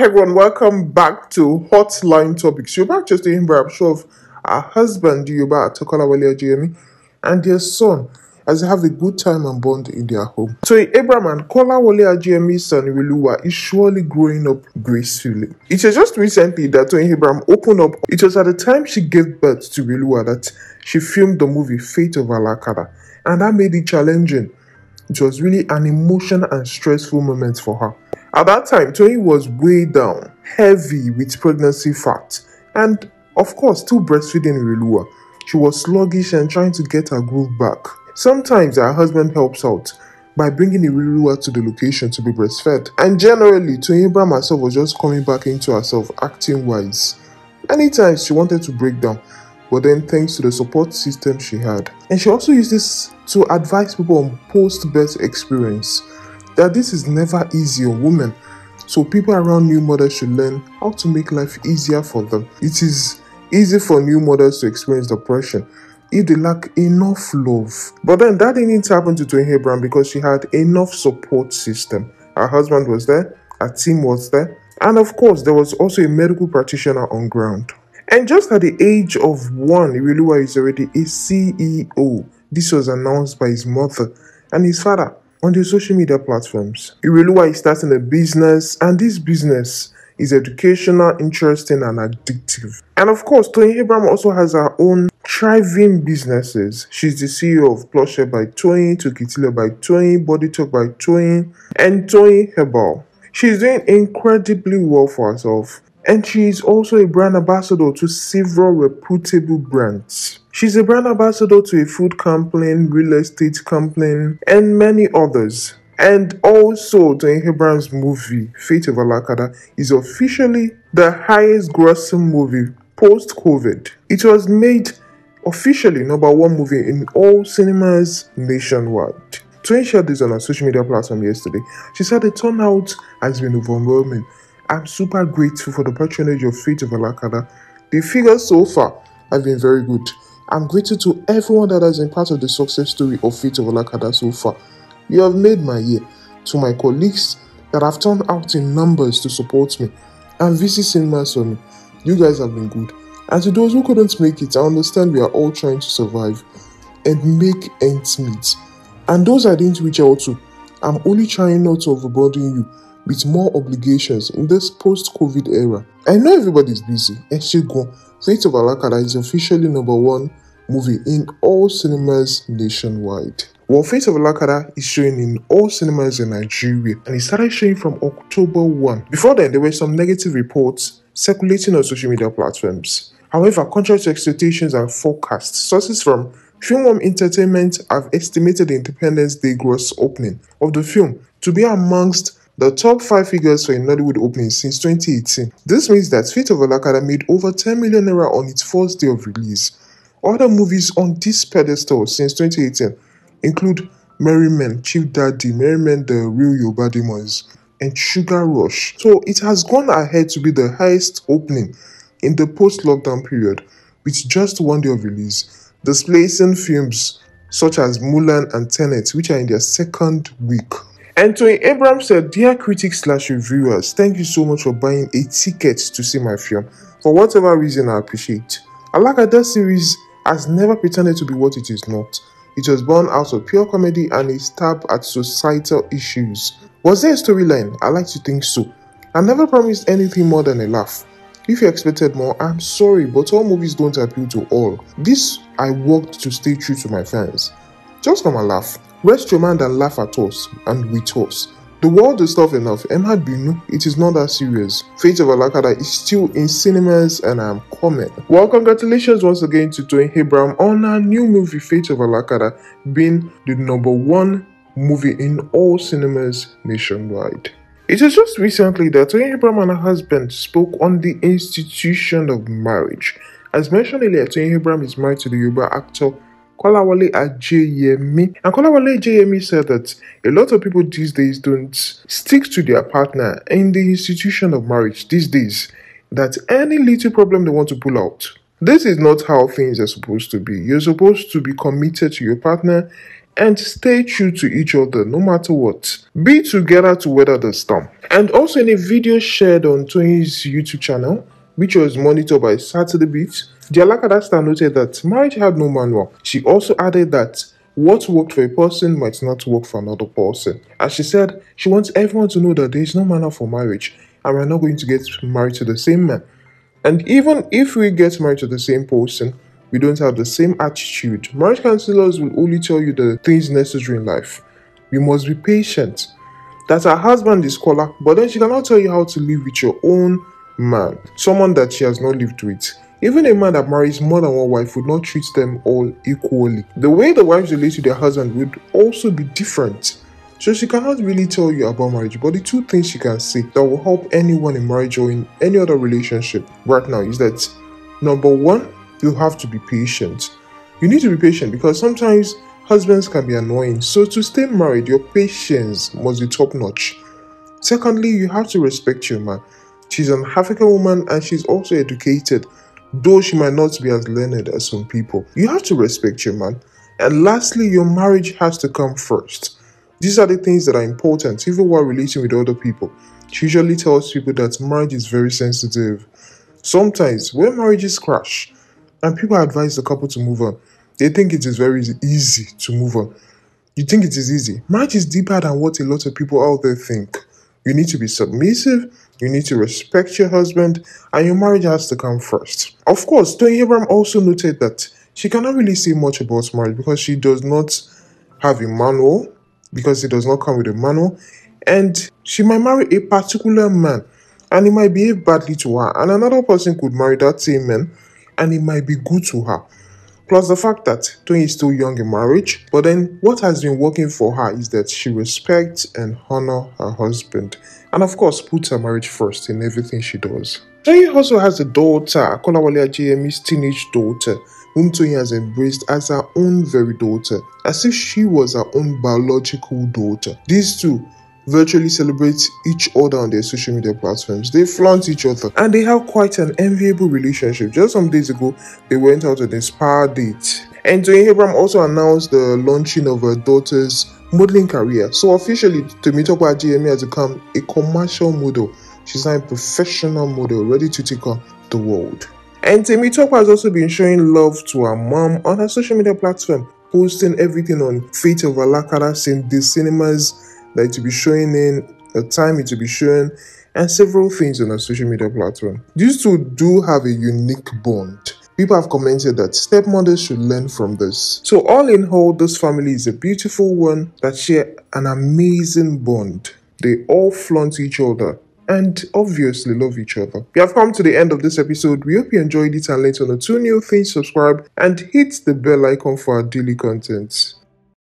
Hi everyone, welcome back to Hotline Topics. You're back just in I'm sure of a husband Yuba Tokolawale Ajayemi and their son as they have a good time and bond in their home. So Abraham and Kolawole Jamie's son Wiluwa is surely growing up gracefully. It was just recently that when Abraham opened up, it was at the time she gave birth to Wiluwa that she filmed the movie Fate of Alakada and that made it challenging. It was really an emotional and stressful moment for her. At that time, Tony was way down, heavy with pregnancy fat, and of course, still breastfeeding Relua. She was sluggish and trying to get her groove back. Sometimes her husband helps out by bringing Irilua to the location to be breastfed. And generally, Toyinba myself was just coming back into herself, acting wise. Anytime she wanted to break down, but then thanks to the support system she had. And she also used this to advise people on post-birth experience that this is never easy on women. So people around new mothers should learn how to make life easier for them. It is easy for new mothers to experience depression if they lack enough love. But then that didn't happen to Twain Hebron because she had enough support system. Her husband was there, her team was there, and of course there was also a medical practitioner on ground. And just at the age of one, Iriluwa is already a CEO. This was announced by his mother and his father on the social media platforms. Irelua is starting a business, and this business is educational, interesting, and addictive. And of course, Toyin Abraham also has her own thriving businesses. She's the CEO of Plushie by Toyin, Tokitilo by Toyin, Body Talk by Toyin, and Toyin Herbal. She's doing incredibly well for herself, and she is also a brand ambassador to several reputable brands. She's a brand ambassador to a food company, real estate company, and many others. And also, Dwayne Abrams' movie, Fate of Alakada, is officially the highest grossing movie post COVID. It was made officially number one movie in all cinemas nationwide. Twain shared this on her social media platform yesterday. She said the turnout has been overwhelming. I'm super grateful for the patronage of Fate of Alakada. The figures so far have been very good. I'm grateful to everyone that has been part of the success story of Fit of Olakada so far. You have made my year. To my colleagues that have turned out in numbers to support me and visit cinemas for me, you guys have been good. And to those who couldn't make it, I understand we are all trying to survive and make ends meet. And those I didn't reach out to, I'm only trying not to overburden you with more obligations in this post COVID era. I know everybody's busy, and go Fate of Alakada is officially number one movie in all cinemas nationwide. While Fate of Alakada is showing in all cinemas in Nigeria and it started showing from October 1. Before then, there were some negative reports circulating on social media platforms. However, contrary to expectations and forecasts, sources from Filmworm Entertainment have estimated the Independence Day gross opening of the film to be amongst the top five figures for a Nollywood opening since 2018. This means that Fate of Alakada made over 10 million naira on its first day of release. Other movies on this pedestal since 2018 include Merry Men, Chief Daddy, Merry Men, The Real Yoruba Demons, and Sugar Rush. So it has gone ahead to be the highest opening in the post-lockdown period with just one day of release, displacing films such as Mulan and Tenet, which are in their second week. Anthony Abrams said, Dear critics slash reviewers, thank you so much for buying a ticket to see my film. For whatever reason, I appreciate. Alagada series has never pretended to be what it is not. It was born out of pure comedy and a stab at societal issues. Was there a storyline? I like to think so. I never promised anything more than a laugh. If you expected more, I'm sorry, but all movies don't appeal to all. This I worked to stay true to my fans. Just come and laugh. Rest your mind and laugh at us and with us. The world is tough enough. Emma Binu, it is not that serious. Fate of Alakada is still in cinemas and I'm coming. Well, congratulations once again to Tony Abraham on her new movie Fate of Alakada being the number one movie in all cinemas nationwide. It is just recently that Tony Abraham and her husband spoke on the institution of marriage. As mentioned earlier, Tony Abraham is married to the Yuba actor Kolawale Ajayemi. And Kolawale Ajayemi said that a lot of people these days don't stick to their partner in the institution of marriage these days, that any little problem they want to pull out. This is not how things are supposed to be. You're supposed to be committed to your partner and stay true to each other no matter what. Be together to weather the storm. And also in a video shared on Tony's YouTube channel, which was monitored by Saturday Beats, Jalakada noted that marriage had no manual. She also added that what worked for a person might not work for another person. As she said, she wants everyone to know that there is no manual for marriage and we're not going to get married to the same man. And even if we get married to the same person, we don't have the same attitude. Marriage counselors will only tell you the things necessary in life. We must be patient. That her husband is scholar, but then she cannot tell you how to live with your own man, someone that she has not lived with. Even a man that marries more than one wife would not treat them all equally. The way the wives relate to their husband would also be different. So she cannot really tell you about marriage, but the two things she can say that will help anyone in marriage or in any other relationship right now is that number one, you have to be patient. You need to be patient because sometimes husbands can be annoying. So to stay married, your patience must be top notch. Secondly, you have to respect your man. She's an African woman and she's also educated though she might not be as learned as some people. You have to respect your man. And lastly, your marriage has to come first. These are the things that are important, even while relating with other people. She usually tells people that marriage is very sensitive. Sometimes, when marriages crash and people advise the couple to move on, they think it is very easy to move on. You think it is easy. Marriage is deeper than what a lot of people out there think. You need to be submissive, you need to respect your husband and your marriage has to come first. Of course, Tony Abram also noted that she cannot really say much about marriage because she does not have a manual, because it does not come with a manual, and she might marry a particular man and he might behave badly to her, and another person could marry that same man and it might be good to her. Plus the fact that Tony is still young in marriage, but then what has been working for her is that she respects and honors her husband and of course puts her marriage first in everything she does. Tony also has a daughter, Kolawale Ajayemi's teenage daughter, whom Tony has embraced as her own very daughter, as if she was her own biological daughter. These two virtually celebrate each other on their social media platforms. They flaunt each other and they have quite an enviable relationship. Just some days ago, they went out on a spa date. And Toyin Abraham also announced the launching of her daughter's modeling career. So officially, Temitope GME has become a commercial model. She's now a professional model ready to take on the world. And Temitope has also been showing love to her mom on her social media platform, posting everything on Fate of Alakara since the cinemas that it will be showing in, a time it will be shown, and several things on a social media platform. These two do have a unique bond. People have commented that stepmothers should learn from this. So, all in all, this family is a beautiful one that share an amazing bond. They all flaunt each other and obviously love each other. We have come to the end of this episode. We hope you enjoyed it and learned on the two new things. Subscribe and hit the bell icon for our daily content.